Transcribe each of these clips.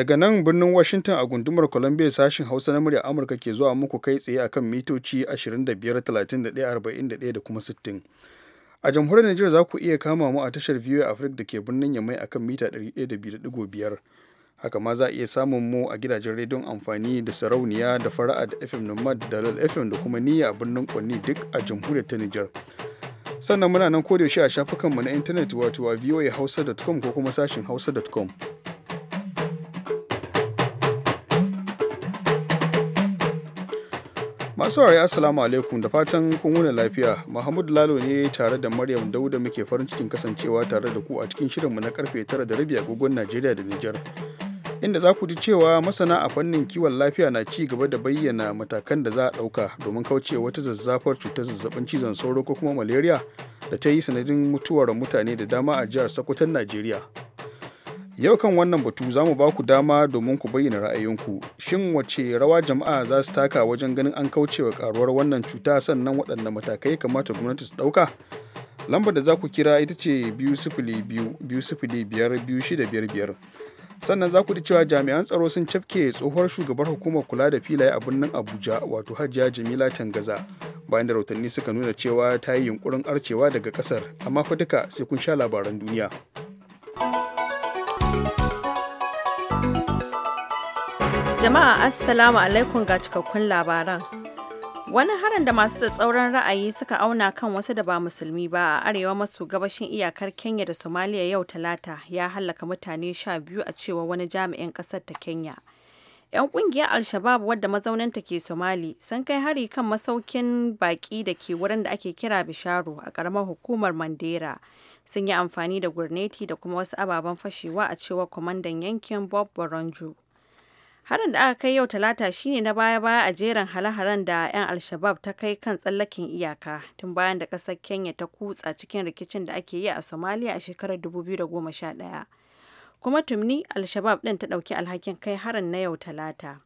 Daga nan birnin Washington a gundumar Columbia sashen Hausa na murya Amurka ke zuwa muku kai tsaye akan mitoci 25, 31, 41 da kuma 60. A jamhuriyar Najeriya za ku iya kama mu a tashar VOA Africa da ke birnin Yamai akan mita 102.5. Haka ma za a iya samun mu a gidajen rediyon amfani da sarauniya da fara'a da FM Nomad da Dalal FM da kuma niyya a birnin Kwanni duk a jamhuriyar ta Nijar. Sannan muna nan kodayaushe a shafukanmu na intanet wato a voahausa.com ko kuma sashin hausa.com. Masu wari Assalamu alaikum da fatan kun lafiya. Muhammad Lalo ne tare da Maryam Dauda muke farin cikin kasancewa tare da ku a cikin shirinmu na karfe 9 da rabi agogon Najeriya da Nijar. Inda za ku ji cewa masana a fannin kiwon lafiya na ci gaba da bayyana matakan da za a ɗauka domin kauce wata zazzafar cutar zazzabin cizon sauro ko kuma malaria da ta yi sanadin mutuwar mutane da dama a jihar Sokoton Najeriya. Yau kan wannan batu za mu ba ku dama domin ku bayyana ra'ayinku. Shin wace rawa jama'a za su taka wajen ganin an kaucewa karuwar wannan cuta sannan waɗanne matakai kamata gwamnati su ɗauka? Lambar da za ku kira ita ce biyu sifili biyu biyu sifili biyar biyu shida biyar Sannan za ku ji cewa jami'an tsaro sun cafke tsohuwar shugabar hukumar kula da filaye a birnin Abuja wato Hajiya Jamila Tangaza bayan da rautanni suka nuna cewa ta yi yunkurin arcewa daga kasar amma fa duka sai kun sha labaran duniya. Jama'a Assalamu alaikum ga cikakkun labaran. Wani harin da masu tsauran ra'ayi suka auna kan wasu da ba musulmi ba a arewa maso gabashin iyakar Kenya da Somalia yau talata ya hallaka mutane sha biyu a cewa wani jami'in kasar ta Kenya. 'yan kungiyar alshabab wadda mazauninta ke somali sun kai hari kan masaukin baki da ke wurin da ake kira bisharo a karamar hukumar mandera sun yi amfani da gurneti da kuma wasu ababen fashewa a cewar kwamandan yankin bob baronjo Harin da aka kai yau Talata shine na baya-baya a jerin hare-haren da 'yan Alshabab ta kai kan tsallakin iyaka tun bayan da ƙasar Kenya ta kutsa cikin rikicin da ake yi a Somalia a shekarar 2011. Kuma tuni Alshabab ɗin ta ɗauki alhakin kai harin na yau Talata.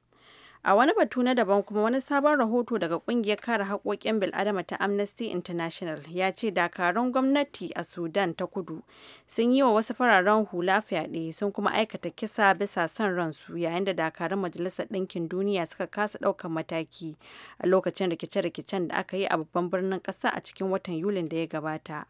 A wani batu na daban kuma wani sabon rahoto daga kungiyar kare haƙoƙin bil'adama ta Amnesty International ya ce dakarun gwamnati a Sudan ta kudu sun yi wa wasu fararen hula fyaɗe sun kuma aikata kisa bisa son ransu yayin da dakarun Majalisar Ɗinkin Duniya suka kasa ɗaukar mataki a lokacin rikice-rikicen da aka yi a babban birnin ƙasa a cikin watan Yulin da ya gabata.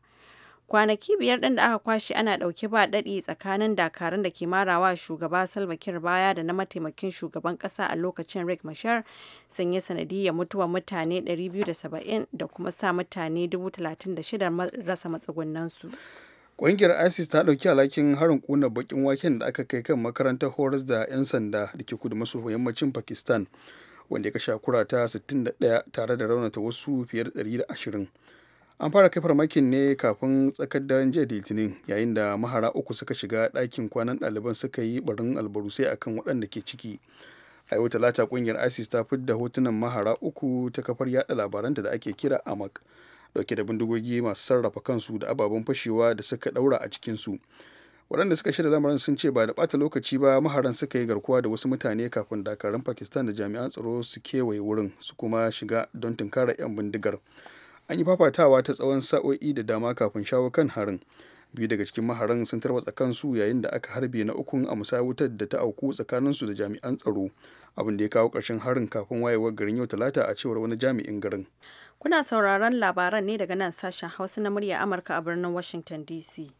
kwanaki biyar ɗin da aka kwashe ana ɗauke ba daɗi tsakanin dakarun da ke marawa shugaba salva kiir baya da na mataimakin shugaban ƙasa a lokacin rick mashar sun yi sanadiyar mutuwar mutane 270 da kuma sa mutane 36 rasa matsugunansu Ƙungiyar ISIS ta ɗauki alhakin harin ƙuna bakin waken da aka kai kan makarantar horas da 'yan sanda da ke kudu maso yammacin Pakistan, wanda ya kashe kura ta 61 tare da raunata wasu fiye da 120. an fara kai farmakin ne kafin tsakar daren jiya litinin yayin da mahara uku suka shiga ɗakin kwanan ɗaliban suka yi barin albarusai akan waɗanda ke ciki a yau talata kungiyar isis ta fidda hotunan mahara uku ta kafar yada labaranta da ake kira amak dauke da bindigogi masu sarrafa kansu da ababen fashewa da suka ɗaura a cikinsu waɗanda suka shirya lamarin sun ce ba da ɓata lokaci ba maharan suka yi garkuwa da wasu mutane kafin dakarun pakistan da jami'an tsaro su kewaye wurin su kuma shiga don tunkara 'yan bindigar an yi fafatawa ta tsawon sa'o'i da dama kafin shawo kan harin biyu daga cikin maharan sun tarwatsa kansu yayin da aka harbe na ukun a musayar wutar da ta auku tsakaninsu da jami'an tsaro abin da ya kawo ƙarshen harin kafin wayewar garin yau talata a cewar wani jami'in garin kuna sauraron labaran ne daga nan sashen hausa na murya amurka a birnin washington dc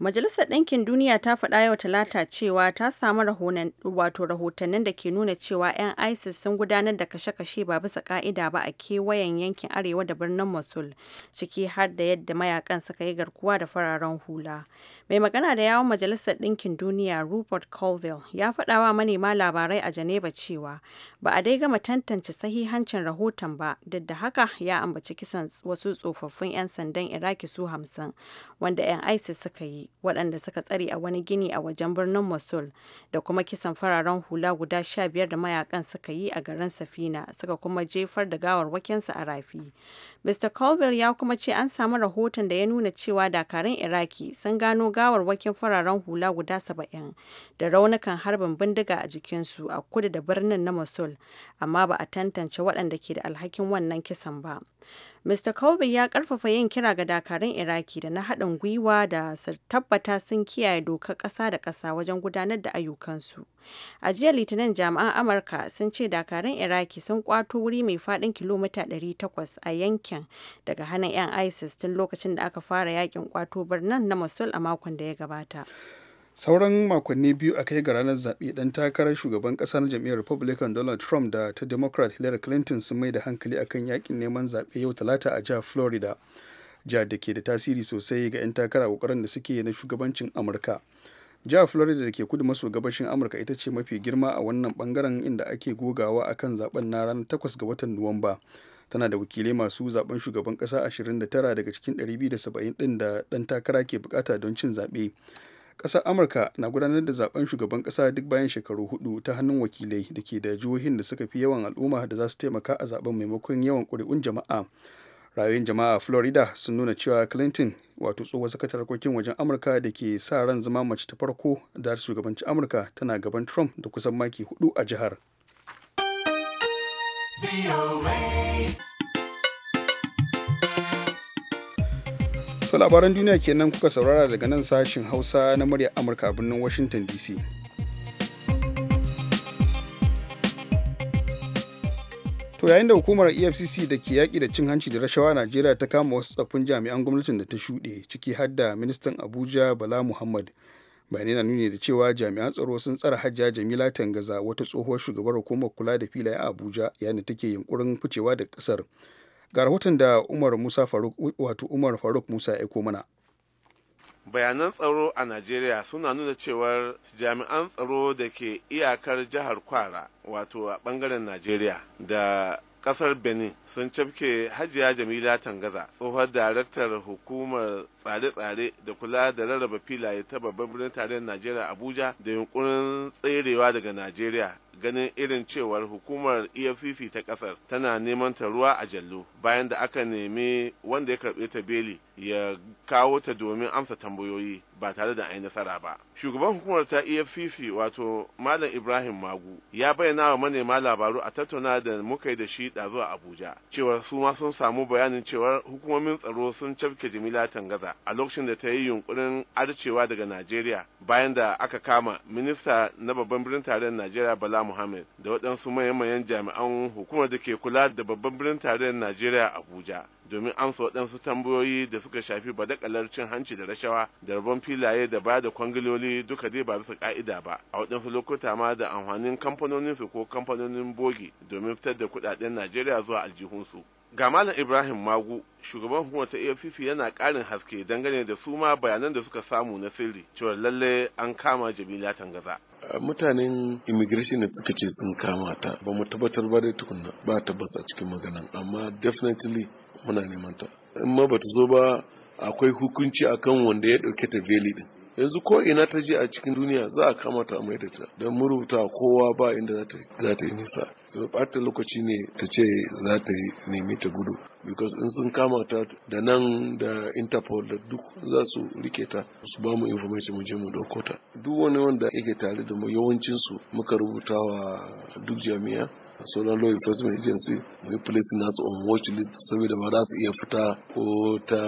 Majalisar Ɗinkin Duniya ta faɗa yau Talata cewa ta samu rahotannin da ke nuna cewa 'yan ISIS sun gudanar da kashe-kashe ba bisa ƙa'ida ba a kewayen yankin arewa da birnin Mosul, ciki har da yadda mayakan suka yi garkuwa da fararen hula. Mai magana da yawon Majalisar Ɗinkin Duniya Rupert Colville ya faɗa wa manema labarai a Geneva cewa ba a dai gama tantance sahihancin rahoton ba, duk da haka ya ambaci kisan wasu tsofaffin 'yan sandan Iraki su hamsin wanda 'yan ISIS suka yi, waɗanda suka tsare a wani gini a wajen birnin Mosul da kuma kisan fararen hula guda 15 da mayakan suka yi a garin Safina suka kuma jefar da gawarwakinsu a rafi. Mr. Colwell ya kuma ce an samu rahoton da ya nuna cewa dakarun Iraki sun gano gawarwakin fararen hula guda saba'in da raunukan harbin bindiga a jikinsu a kudu da birnin na Mosul, amma ba a tantance waɗanda ke da alhakin wannan kisan ba. Mr. kobe ya karfafa yin kira ga dakarun Iraki da na haɗin gwiwa da su tabbata sun kiyaye dokar ƙasa da ƙasa wajen gudanar da ayyukansu. A jiya Litinin jami'an Amurka sun ce dakarun Iraki sun kwato wuri mai faɗin kilomita 800 a yankin daga hannun 'yan ISIS tun lokacin da aka fara yakin kwato birnin na Mosul a makon da ya gabata. sauran makonni biyu a kai ga ranar zaɓe ɗan takarar shugaban ƙasar jam'iyyar republican donald trump da ta democrat hillary clinton sun mai da hankali akan yakin neman zaɓe yau talata a jihar florida jihar da ke da tasiri sosai ga 'yan takara ƙoƙarin da suke na shugabancin amurka jihar florida da ke kudu maso gabashin amurka ita ce mafi girma a wannan bangaren inda ake gogawa a kan zaben na ranar 8 ga watan nuwamba tana da wakilai masu zaben shugaban kasa 29 daga cikin 270 ɗin da ɗan takara ke bukata don cin zaɓe ƙasar amurka na gudanar da zaben shugaban ƙasa duk bayan shekaru hudu ta hannun wakilai da ke da jihohin da suka fi yawan al'umma da za su taimaka a zaben maimakon yawan ƙuri'un jama'a rayuwar jama'a florida sun nuna cewa clinton wato tsohon sakatar harkokin wajen amurka da ke sa ran zama mace ta farko da shugabanci amurka tana gaban trump da kusan maki hudu a jihar. To labaran duniya kenan kuka saurara daga nan sashin Hausa na murya Amurka a birnin Washington DC. To yayin da hukumar EFCC da ke yaƙi da cin hanci da rashawa a Najeriya ta kama wasu tsaffin jami'an gwamnatin da ta shuɗe ciki har da ministan Abuja Bala Muhammad. Bayanai na nuni da cewa jami'an tsaro sun tsara hajja Jamila Tangaza wata tsohuwar shugabar hukumar kula da filayen a Abuja yayin da take yunkurin ficewa da ƙasar. ga rahoton da umar musa faruk wato umar faruk musa ya aiko mana bayanan tsaro a najeriya suna nuna cewar jami'an tsaro da ke iyakar jihar kwara wato a bangaren najeriya da kasar benin sun cafke hajiya jamila tangaza tsohon daraktar hukumar tsare-tsare da kula da rarraba filaye ta babban birnin tarayyar najeriya abuja da yunkurin tserewa daga najeriya ganin irin cewar hukumar efcc ta kasar tana neman ta ruwa a jallo bayan da aka nemi wanda ya karɓi ta beli ya kawo ta domin amsa tambayoyi ba tare da ayi nasara ba shugaban hukumar ta efcc wato malam ibrahim magu ya bayyana wa manema labaru a tattauna da muka yi da shi ɗazu a abuja cewar su ma sun samu bayanin cewar hukumomin tsaro sun cafke jimila tangaza a lokacin da ta yi yunkurin arcewa daga najeriya bayan da aka kama minista na babban birnin tarayyar najeriya bala Muhammad da waɗansu mayan jami'an hukumar da ke kula da babban birnin tarayyar Najeriya Abuja domin amsa waɗansu tambayoyi da suka shafi badakalar cin hanci da rashawa da rabon filaye da ba da kwangiloli duka dai ba bisa ka'ida ba a waɗansu lokuta ma da amfanin kamfanoninsu ko kamfanonin bogi domin fitar da kuɗaɗen Najeriya zuwa aljihunsu. ga malam ibrahim magu shugaban hukumar ta afcc yana karin haske dangane da su ma bayanan da suka samu na sirri cewa lalle an kama jamila tangaza mutanen immigration da suka ce sun kama ta ba mu tabbatar ba dai tukunna ba tabbas a cikin maganan amma definitely muna neman ta in ma ta zo ba akwai hukunci akan wanda ya dauke ta veli din yanzu ko ina ta je a cikin duniya za a kamata mai da ta don murubuta kowa ba inda za ta yi nisa yau ɓata lokaci ne ta ce za ta yi nemi ta gudu because in sun kamata da nan da interpol da duk za su rike ta su ba mu information mu je mu ɗauko ta duk wani wanda yake tare da mu yawancin su muka rubuta wa duk jami'a sauran law enforcement agency mai placing nasu on watch list saboda ba za su iya fita ko ta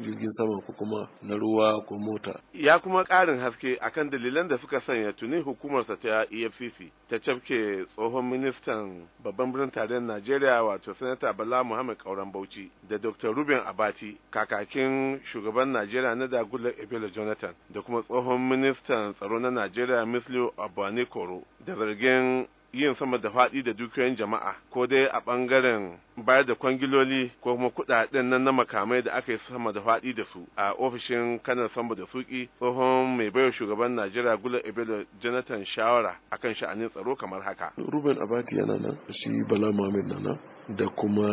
jirgin sama ko kuma na ruwa ko mota ya kuma ƙarin haske akan dalilan da suka sanya tuni hukumarsa ta efcc ta cafke tsohon ministan babban birnin tarayyar najeriya wato sanata bala muhammad kauran bauchi da dr ruben abati kakakin shugaban najeriya na da goodluck ebele jonathan da kuma tsohon ministan tsaro na najeriya misliu abani koro da zargin yin sama da faɗi da dukiyoyin jama'a ko dai a ɓangaren bayar da kwangiloli ko kuma kuɗaɗen nan na makamai da aka yi sama da faɗi da su a ofishin kanan sama da suki tsohon mai baiwa shugaban najeriya gula ebelo jonathan shawara akan sha'anin tsaro kamar haka ruben abati yana nan shi bala muhammed na nan da kuma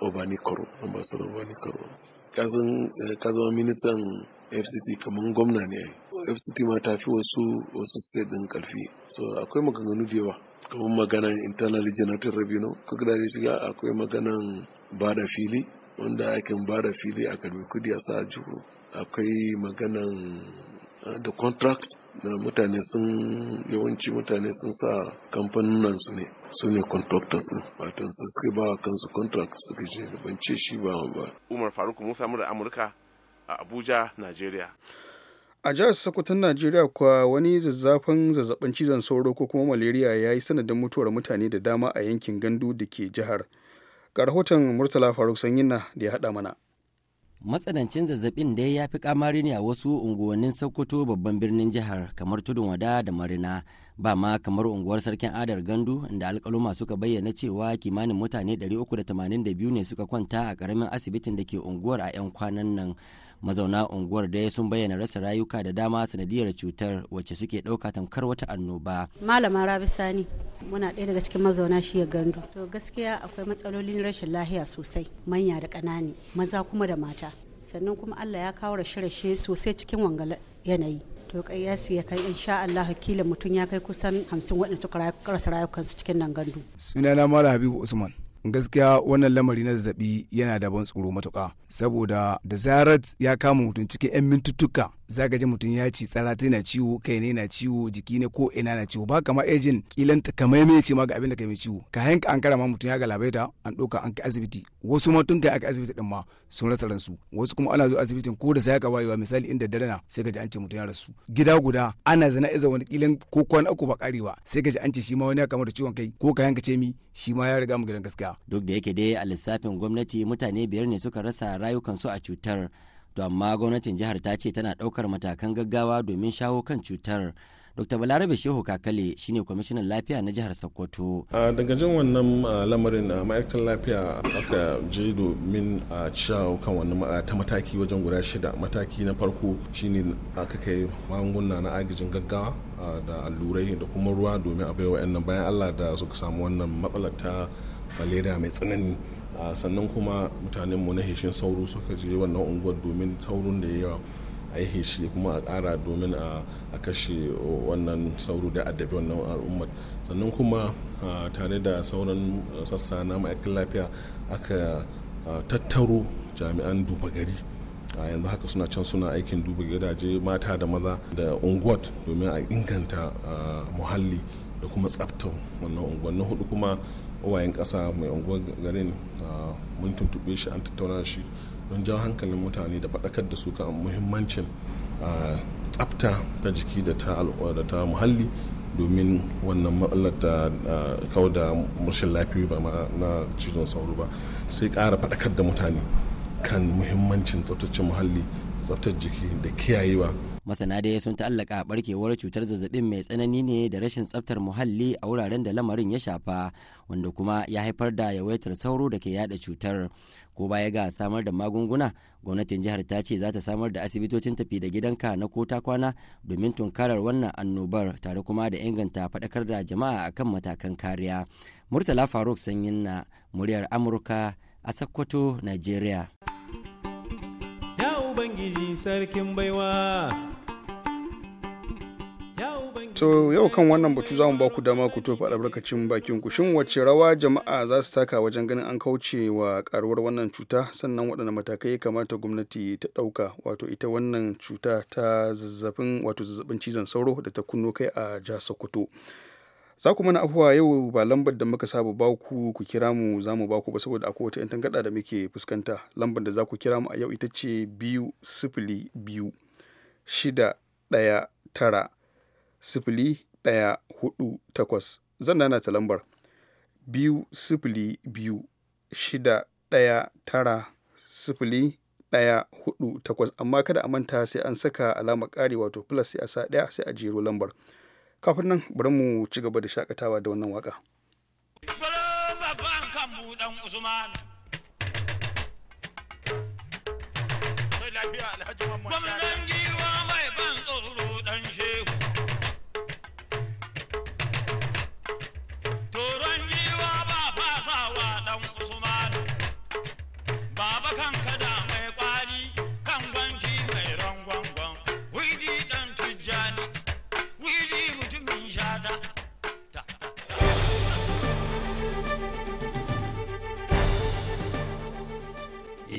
obani karo ambassador obani karo eh, zama ministan fct kamar gwamna ne fct ma ta fi wasu wasu state din karfi so akwai maganganu da yawa kamar maganan internal generated revenue kada ya shiga akwai maganan ba da fili wanda aikin ba da fili a karbi kudi a sa juhu akwai maganan ah, da contract na mutane sun yawanci mutane sun sa kamfanin su ne su ne contractors ne watan su suke ba kansu contract suke je bance shi ba ba umar faruk musa mura amurka a abuja nigeria A jihar Sokoton Najeriya kuwa wani zazzafin zazzabin cizon sauro ko kuma malaria ya yi sanadin mutuwar mutane da dama a yankin gandu da ke jihar. Ga rahoton Murtala Faruk na da ya haɗa mana. Matsanancin zazzabin dai ya fi kamari ne a wasu unguwannin Sokoto babban birnin jihar kamar Tudun Wada da Marina ba ma kamar unguwar Sarkin Adar Gandu inda alkaluma suka bayyana cewa kimanin mutane 382 ne suka kwanta a karamin asibitin da ke unguwar a 'yan kwanan nan. mazauna unguwar dai sun bayyana rasa rayuka da dama sanadiyar cutar wacce suke ɗauka tamkar wata annoba malama rabi sani muna ɗaya daga cikin mazauna shi ya gandu to gaskiya akwai matsalolin rashin lahiya sosai manya da ƙanani maza kuma da mata sannan kuma allah ya kawo rashe-rashe sosai cikin wanga yanayi to kai ya kai insha Allah kila mutum ya kai kusan hamsin waɗanda suka rasa rayukansu cikin nan gandu sunana Malam habibu usman gaskiya wannan lamari na zazzabi yana da ban tsoro matuka saboda da zarat ya kama mutum cikin 'yan mintuttuka za ka ji mutum ya ci tsara ta na ciwo kai ne na ciwo jiki ne ko ina na ciwo ba kama ejin kilan ta kamar mai ce ma ga abin da kai mai ciwo ka hanka an kara mutum ya galabaita an ɗauka an kai asibiti wasu ma tun kai aka asibiti din ma sun rasa ransu wasu kuma ana zo asibitin ko da sai aka wayewa misali inda dare na sai ka ji an ce mutum ya rasu gida guda ana zana iza wani kilan ko kwana uku ba karewa sai ka ji an ce shi ma wani ya kamar ciwon kai ko ka hanka ce mi shi ma ya riga mu gidan gaskiya duk da yake dai a lissafin gwamnati mutane biyar ne suka rasa rayukansu a cutar to amma gwamnatin jihar ta ce tana ɗaukar matakan gaggawa domin shawo kan cutar dr balarabe shehu kakale shine kwamishinan lafiya na jihar sokoto daga jin wannan lamarin ma'aikatan lafiya aka je domin a shawo kan wannan ta mataki wajen guda shida mataki na farko shine aka kai magunguna na agajin gaggawa da allurai da kuma ruwa domin a baiwa bayan allah da suka samu wannan matsalar ta malaria mai tsanani sannan kuma mutanen mu na heshin sauro suka je wannan unguwar domin sauron da yawa a yi heshi kuma a kara domin a kashe wannan sauro da addabi wannan al'ummar sannan kuma tare da sauran sassa na ma'aikin lafiya aka tattaro jami'an duba gari a yanzu haka suna can suna aikin duba gidaje mata da maza da unguwar domin a inganta muhalli da kuma tsaftar wannan unguwar na hudu kuma wayan ƙasa mai unguwar garin mun tuntuɓe shi an tattauna shi don jawo hankalin mutane da faɗakar da su kan muhimmancin tsafta ta jiki da ta da ta muhalli domin wannan matsalar da kawo da murshin lafiyoyi ba na cizon sauro ba sai ƙara faɗakar da mutane kan muhimmancin tsaftace muhalli tsaftar jiki da kiyayewa masana dai sun ta'allaka barkewar cutar zazzabin mai tsanani ne da rashin tsaftar muhalli a wuraren da lamarin ya shafa wanda kuma ya haifar da yawaitar sauro da ke yada cutar ko baya ga samar da magunguna gwamnatin jihar ta ce za ta samar da asibitocin tafi da gidanka na ko ta kwana domin tunkarar wannan annobar tare kuma da inganta faɗakar da jama'a akan matakan kariya murtala faruk sanyin na muryar amurka a sakkwato nigeria ya ubangiji sarkin baiwa to yau kan wannan batu za mu ba ku dama ku tofa albarkacin bakin ku shin wacce rawa jama'a za su taka wajen ganin an kauce wa karuwar wannan cuta sannan waɗanne matakai ya kamata gwamnati ta ɗauka wato ita wannan cuta ta zazzafin wato zazzabin cizon sauro da ta kunno kai a jihar sokoto za ku mana afuwa yau ba lambar da muka saba ba ku ku kira mu za mu ba ku ba saboda akwai wata 'yan tangarɗa da muke fuskanta lambar da za ku kira mu a yau ita ce biyu sifili biyu shida ɗaya tara sifili ɗaya hudu takwas zan nana ta lambar biyu sifili biyu shida ɗaya tara sifili ɗaya hudu takwas amma kada a manta sai an saka alamar ƙari wato plus sai a sa ɗaya sai a jero lambar kafin nan bari mu ci gaba da shakatawa da wannan waka. Gwamnan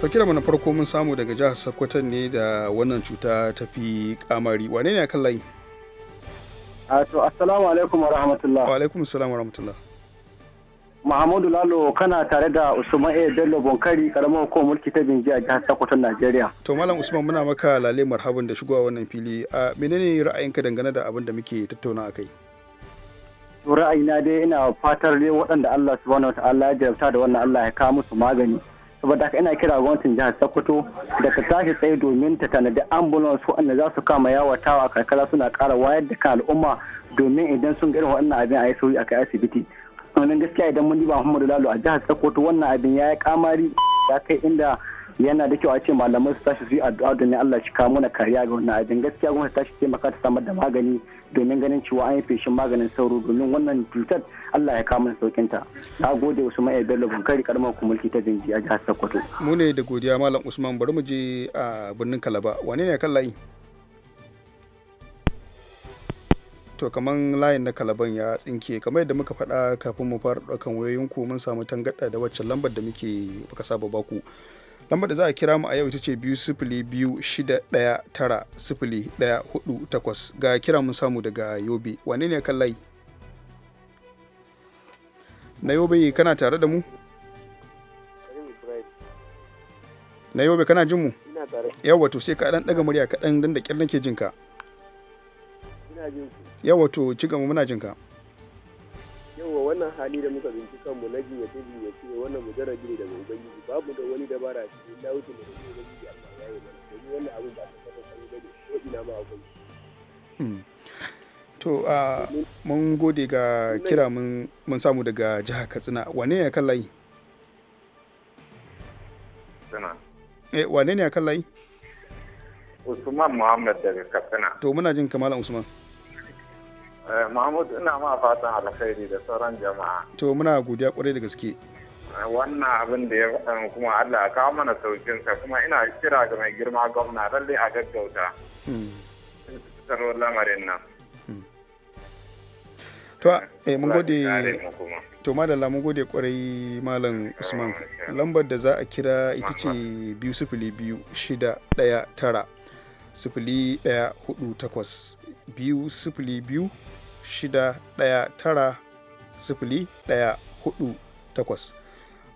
to kira na farko mun samu daga jihar sokoto ne da wannan cuta ta fi kamari wane ne akan layi to assalamu alaikum wa rahmatullah wa alaikum assalam rahmatullah Muhammadu Lalo kana tare da Usman A. Bello Bonkari karamar hukumar mulki ta Binji a jihar Sokoto Najeriya. To Malam Usman muna maka lale marhaban da shigowa wannan fili. A menene ra'ayinka dangane da abin da muke tattauna a kai? ra'ayina dai ina fatar ne waɗanda Allah subhanahu wa ta'ala ya jarabta da wannan Allah ya kawo musu magani. saboda haka ina kira gwamnatin jihar sokoto da ta tashi tsaye domin ta tanadi ambulance waɗanda za su kama yawatawa karkara suna ƙara wayar da kan al'umma domin idan sun ga irin waɗannan abin a yi sauri a kai asibiti wannan gaskiya idan mun diba muhammadu lalo a jihar sokoto wannan abin ya yi kamari ya kai inda yana da kyau a ce malamai su tashi su yi addu'a domin Allah shi kawo mana kariya ga wannan abin gaskiya gwamnati tashi taimaka ta samar da magani domin ganin cewa an yi feshin maganin sauro domin wannan cutar Allah ya kawo mana saukin ta na gode Usman Ayi Bello Bunkari karamar mulki ta Jinji a jihar Sokoto mu ne da godiya malam Usman bari mu je a birnin Kalaba wane ne kan layi to kaman layin na kalaban ya tsinke kamar yadda muka faɗa kafin mu fara ɗaukan wayoyinku mun samu tangada da waccan lambar da muke baka saba baku lambar da za a kira mu a yau ita ce biyu sifili biyu shida ɗaya tara sifili ɗaya hudu takwas ga kira mun samu daga yobe wane ne kan layi na yobe kana tare da mu na yobe kana jin mu yawa to sai ka dan daga murya kaɗan dan da kyar nake jinka yawa to ci gaba muna jinka wannan hali da muka zinci kanmu na jinyace jinyace wannan mujarrabi ne daga ubangiji babu da wani dabara shi ne na wuce da daga ubangiji amma ya yi mana domin wannan abin ba ta kasa sani ne ko ina ma akwai. Hmm. to mun gode ga kira mun samu daga jihar katsina wane ne kan layi? eh wane ne kalla layi? usman muhammad daga katsina to muna jin kamalan usman Eh, Mahmud ina ma fatan alkhairi da sauran jama'a. To muna godiya kwarai da gaske. Eh, wannan abin da ya faɗa kuma Allah ka kawo mana saukinsa kuma ina kira ga mai girma gwamna lalle a gaggauta. Hmm. Tsaro lamarin nan. Hmm. To eh mun gode to madalla mun gode kwarai malam eh, Usman lambar da za a kira ita ce biyu sifili biyu shida ɗaya tara sifili ɗaya takwas sifili ɗaya tara sifili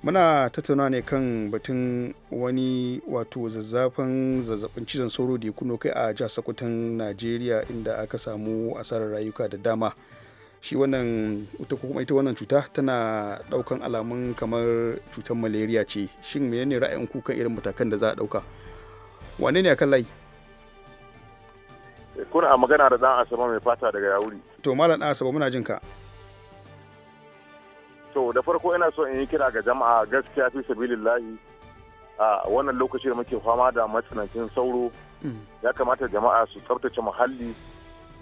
muna tattauna ne kan batun wani wato zazzafan zazzabin cizon sauro da ya kuno kai a jihar sakutan najeriya inda aka samu asarar rayuka da dama shi wannan ita kuma ita wannan cuta tana daukan alamun kamar cutar malaria ce shin menene ra'ayin kukan kan irin matakan da za a dauka wane ne akan layi kuna magana da dan asaba mai fata daga yawuri to malam dan asaba muna jin to da farko ina so in yi kira ga jama'a gaskiya fi sabilillahi a wannan lokaci da muke fama da matsanancin sauro mm. ya kamata jama'a su tsaftace muhalli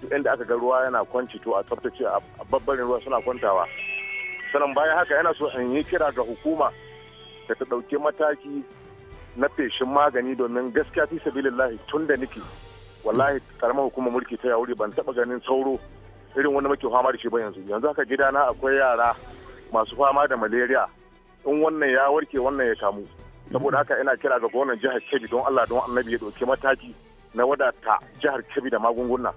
duk inda aka ga ruwa yana kwanci to a tsaftace a babbarin ruwa suna kwantawa sannan bayan haka yana so in yi kira ga hukuma da ta ɗauki mataki na feshin magani domin gaskiya fi sabilillahi tun da nake wallahi karamar hukumar mulki ta yauri ban taba ganin sauro irin wani muke fama da shi ba yanzu yanzu haka gidana akwai yara masu fama da malaria in wannan ya warke wannan ya samu saboda haka ina kira ga gwamnan jihar kebbi don allah don annabi ya ɗauki mataki na wadata jihar kebbi da magunguna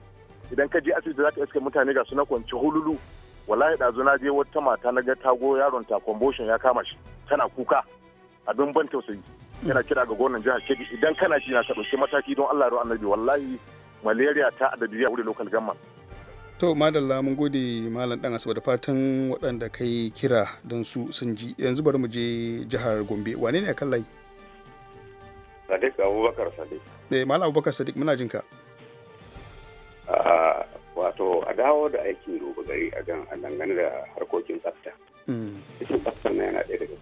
idan ka je asibiti za ka iske mutane ga suna kwanci hululu wallahi ɗazu na je wata mata na ga tago yaron ta convulsion ya kama shi tana kuka abin ban tausayi yana kira ga gwamnan jihar Kebbi idan kana shi na ka ɗauki mataki don Allah ruwan annabi wallahi malaria ta adabi a wuri local government. To madalla mun gode malam dan asuba da fatan waɗanda kai kira don su sun ji yanzu bari mu je jihar Gombe wane ne a kan layi? Sadiq Abubakar Sadiq. Eh malam Abubakar Sadiq muna jinka. Ah, wato a dawo da aikin dubu gari a dangane da harkokin tsafta. Cikin mm. tsafta na yana ɗaya daga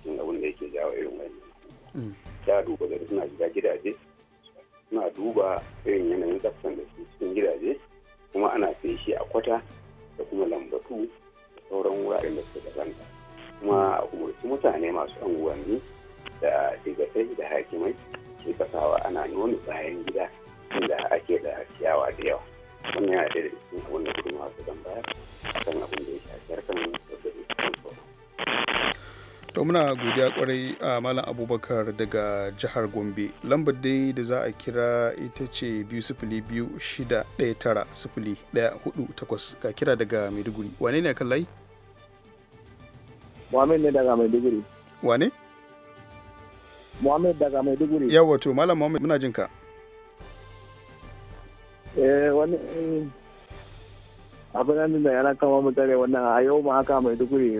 duba gari suna shiga gidaje suna duba irin yanayin tsaftan da su cikin gidaje kuma ana feshi a kwata da kuma lambatu da sauran wuraren da suka kanta kuma a umarci mutane masu anguwanni da digatai da hakimai ke kasawa ana nuna bayan gida inda ake da ciyawa da yawa wannan yana da cikin abin da gudunmawa su zan bayar kan abin da ya shafi harkar da to muna godiya kwarai a malam abubakar daga jihar gombe lambar dai da za a kira ita ce biyu sifili biyu shida daya tara sifili daya hudu takwas ga kira daga maiduguri wane ne kan layi muhammed ne daga maiduguri wane muhammed daga maiduguri yawa to malam muhammed muna jinka eh wani abin nan da yana kama mutane wannan a yau ma haka mai dukuri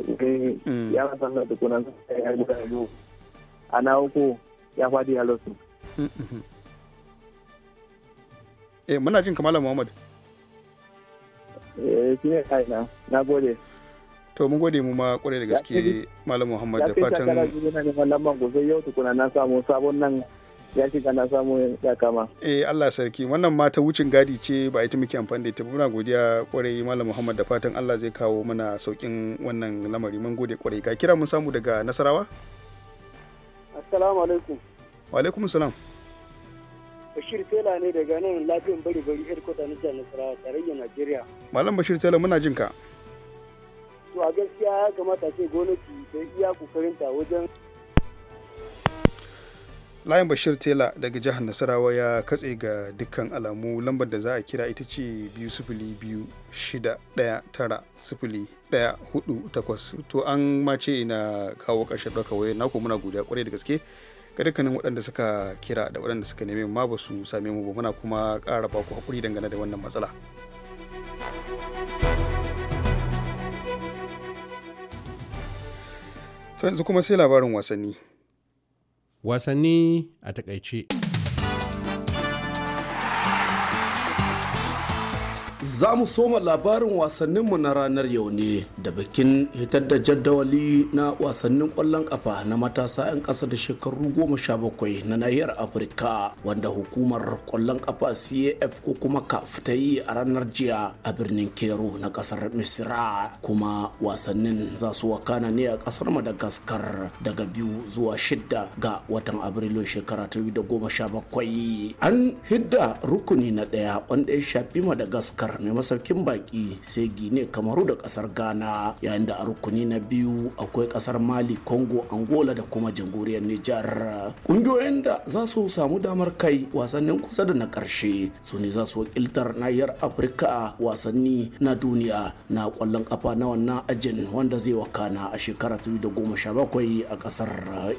mm. ya rasa na tukunan ya guda biyu a na uku ya fadi ya lasu. Mm-hmm. eh muna jin kamala muhammad eh shi ne kai na na gode to mun gode mu ma kwarai da gaske malam muhammad da fatan ya fi shakara jirgin na neman lamban gozo yau tukuna na samu sabon nan ya ce kana samu ya kama. Eh Allah sarki wannan mata wucin gadi ce ba ita muke amfani da ita muna godiya kwarai Malam Muhammad da fatan Allah zai kawo mana saukin wannan lamari mun gode kwarai ka kira mun samu daga Nasarawa. Assalamu alaikum. Wa alaikum salam. Bashir Tela ne daga nan lafiyan bari bari headquarter na jihar Nasarawa tarayyar Najeriya. Malam Bashir Tela muna jin ka. To a gaskiya ya kamata ce gwamnati ta iya kokarinta wajen layin bashir tela daga jihar nasarawa ya katse ga dukkan alamu lambar da za a kira ita ce biyu sifili biyu shida daya tara sifili ɗaya hudu takwas to an mace na kawo karshen ɗauka waya na muna godiya kwarai da gaske ga dukkanin waɗanda suka kira da waɗanda suka neme ma ba su same mu ba muna kuma ƙara ba ku haƙuri dangane da wannan matsala. to yanzu kuma sai labarin wasanni wasanni a takaice. za mu soma labarin wasanninmu na ranar yau ne da bikin hitar da jaddawali na wasannin kwallon kafa na matasa 'yan ƙasar da shekaru goma sha bakwai na nahiyar afirka wanda hukumar kwallon kafa caf ko kuma kaf ta yi a ranar jiya a birnin kero na ƙasar misira kuma wasannin za su wakana ne a ƙasar Madagaskar daga biyu zuwa shidda ga watan abrilu shekara ta da goma sha bakwai an hidda rukuni na ɗaya wanda ya shafi madagascar ne mai masaukin baki sai gine kamaru da kasar ghana yayin da a rukuni na biyu akwai kasar mali congo angola da kuma jamhuriyar nijar kungiyoyin da za su samu damar kai wasannin kusa da na karshe su ne za su wakiltar nahiyar afirka wasanni na duniya na kwallon kafa na wannan ajin wanda zai wakana a shekara 2017 a kasar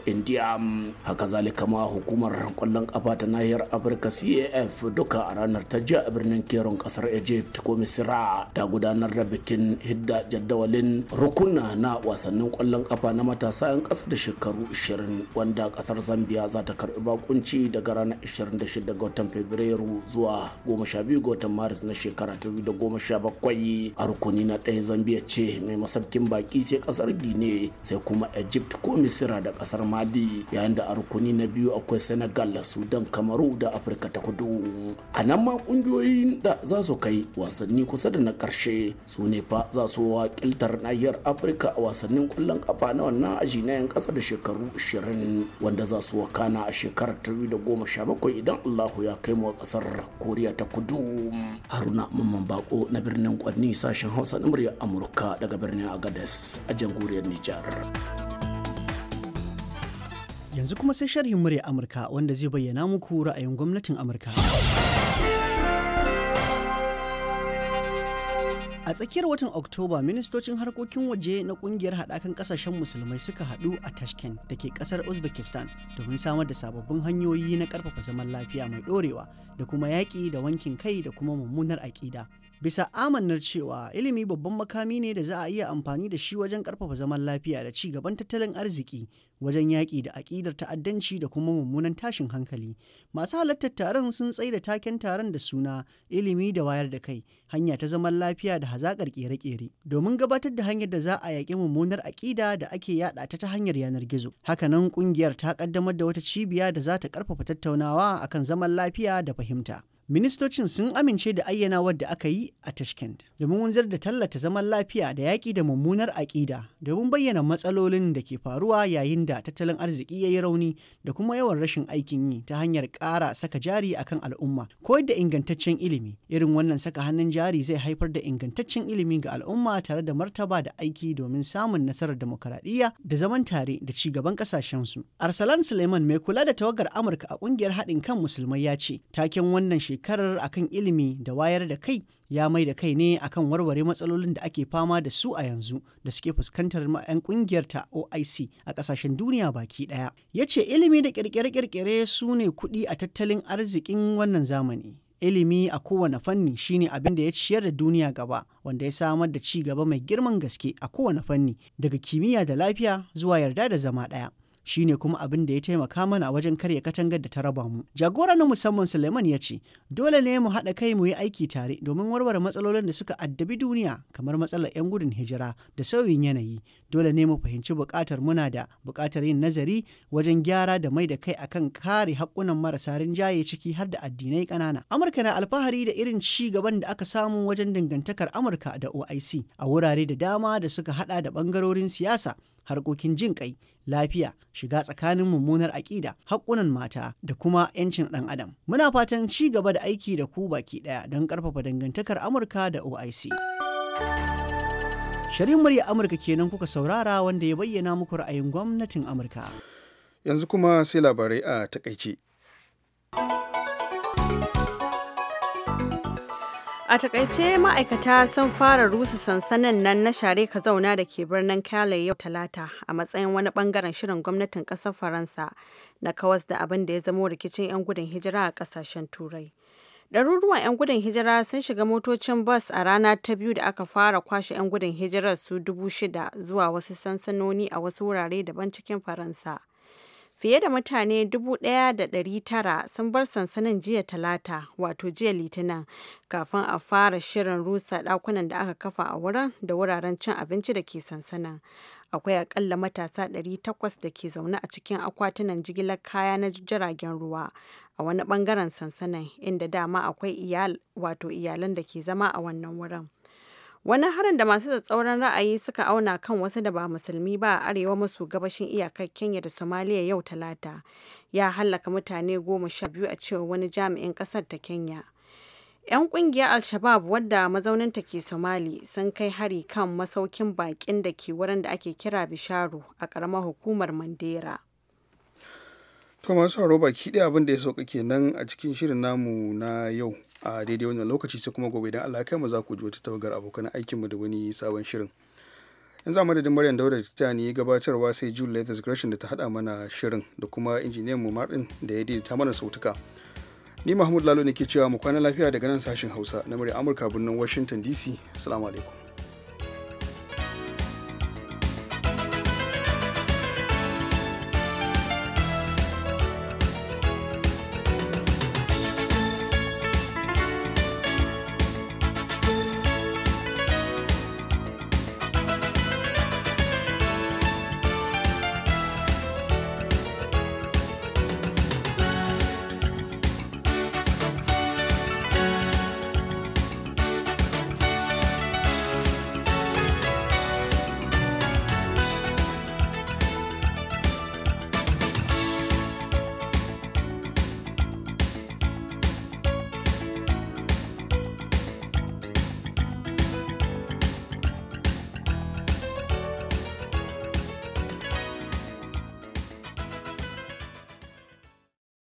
india haka zalika ma hukumar kwallon kafa ta nahiyar afirka caf duka a ranar ta jiya a birnin keron kasar egypt egypt ko misira ta gudanar da bikin hidda jadawalin rukuna na wasannin kwallon kafa na matasa 'yan kasa da shekaru 20 wanda kasar zambia za ta karbi bakunci daga ranar 26 ga watan fabrairu zuwa 12 ga watan maris na shekara 2017 a rukuni na ɗaya zambia ce mai masabkin baki sai kasar gine sai kuma egypt ko misira da kasar mali yayin da a rukuni na biyu akwai senegal sudan kamaru da afirka ta kudu a nan ma kungiyoyin da za su kai wasanni kusa da na karshe su ne fa za su wakiltar nahiyar afirka a wasannin kwallon kafa na wannan aji na yan kasa da shekaru 20 wanda za su wakana a shekarar sha 2017 idan allahu ya kai mu a kasar koriya ta kudu haruna mamman bako na birnin kwanni sashen hausa na murya amurka daga birnin agadas a jamhuriyar nijar yanzu kuma sai sharhin murya amurka wanda zai bayyana muku ra'ayin gwamnatin amurka A tsakiyar watan Oktoba, ministocin harkokin waje na kungiyar haɗakan ƙasashen musulmai suka haɗu a Tashkent da ke ƙasar Uzbekistan domin samar da sababbin hanyoyi na ƙarfafa zaman lafiya mai ɗorewa da kuma yaƙi da wankin kai da kuma mummunar aƙida. bisa amannar cewa ilimi babban makami ne da za a iya amfani da shi wajen karfafa zaman lafiya da ci gaban tattalin arziki wajen yaƙi da aƙidar ta'addanci da kuma mummunan tashin hankali masu halartar taron sun tsaida taken taron da suna ilimi da wayar da kai hanya ta zaman lafiya da hazaƙar ƙere-ƙere domin gabatar da hanyar da za a yaƙi mummunar aƙida da ake yaɗa ta ta hanyar yanar gizo Haka nan, ƙungiyar ta ƙaddamar da wata cibiya da za ta ƙarfafa tattaunawa akan zaman lafiya da fahimta ministocin sun amince da ayyanawar da aka yi a tashkent domin wanzar da tallata zaman lafiya da yaƙi da mummunar aƙida domin bayyana matsalolin da ke faruwa yayin da tattalin arziki ya yi rauni da kuma yawan rashin aikin yi ta hanyar ƙara saka jari a kan al'umma ko da ingantaccen ilimi irin wannan saka hannun jari zai haifar da ingantaccen ilimi ga al'umma tare da martaba da aiki domin samun nasarar demokaradiyya da zaman tare da ci gaban ƙasashensu arsalan suleiman mai kula da tawagar amurka a ƙungiyar haɗin kan musulmai ya ce taken wannan shekaru shekarar akan ilimi da wayar da kai ya mai da kai ne akan warware matsalolin da ake fama da su a yanzu da suke fuskantar 'yan kungiyar ta OIC a kasashen duniya baki daya. Ya ce ilimi da kirkire-kirkire su ne kuɗi a tattalin arzikin wannan zamani. Ilimi a kowane fanni shine abin da ya ciyar da duniya gaba wanda ya samar da ci gaba mai girman gaske a kowane fanni daga kimiyya da lafiya zuwa yarda da zama ɗaya. shine kuma abin da ya taimaka mana wajen karya katangar da ta raba mu. Jagora na musamman Suleiman ya ce, dole ne mu haɗa kai mu yi aiki tare domin warware matsalolin da suka addabi duniya kamar matsalar 'yan gudun hijira da sauyin yanayi. Dole ne mu fahimci buƙatar muna da buƙatar yin nazari wajen gyara da mai da kai akan kare haƙƙunan marasa rinjaye ciki har da addinai ƙanana. Amurka na alfahari da irin ci gaban da aka samu wajen dangantakar Amurka da OIC a wurare da dama da suka haɗa da ɓangarorin siyasa harkokin jin kai lafiya shiga tsakanin mummunar aƙida haƙƙunan mata da kuma 'yancin ɗan adam muna fatan ci gaba da aiki da ku baki ɗaya don ƙarfafa dangantakar amurka da oic shari'in murya amurka kenan kuka saurara wanda ya bayyana muku ra'ayin gwamnatin amurka yanzu kuma sai labarai a takaice A takaice ma'aikata sun fara rusa sansanin nan na share ka zauna da ke birnin Calais yau talata a matsayin wani bangaren shirin gwamnatin kasar Faransa na kawas da abin da ya zamo rikicin 'yan gudun hijira a kasashen Turai. Daruruwan 'yan gudun hijira sun shiga motocin bas a rana ta biyu da aka fara kwashe 'yan gudun hijirar su dubu shida zuwa wasu sansanoni a wasu wurare daban cikin Faransa. Fiye da mutane 1,900 sun bar sansanin jiya talata wato jiya litinin kafin a fara shirin rusa dakunan da aka kafa a wurin da wuraren cin abinci da ke sansanin. Akwai akalla matasa 800 da ke zaune a cikin akwatunan jigilar kaya na jiragen ruwa a wani bangaren sansanin inda dama akwai wato iyalan da ke zama a wannan wurin. Wani harin da masu tsatsauran ra'ayi suka auna kan wasu da ba musulmi ba a arewa maso gabashin iyakar Kenya da Somalia yau Talata ya hallaka mutane goma sha biyu a cewa wani jami'in ƙasar ta Kenya. 'Yan ƙungiyar al shabab wadda mazauninta ke Somali sun kai hari kan masaukin baƙin da ke wurin da ake kira Bisharu a ƙaramar hukumar Mandera. To masu baki abin da ya sauka kenan a cikin shirin namu na yau a daidai wannan lokaci sai kuma gobe idan Allah ya mu za ku ji wata tawagar abokan aikinmu da wani sabon shirin yanzu a madadin Maryam Dauda ta ne gabatarwa sai Jule Leathers Gresham da ta hada mana shirin da kuma injiniyan mu Martin da ya daidaita mana sautuka ni Mahmud Lalo ne ke cewa mu kwana lafiya daga nan sashin Hausa na murya Amurka birnin Washington DC assalamu alaikum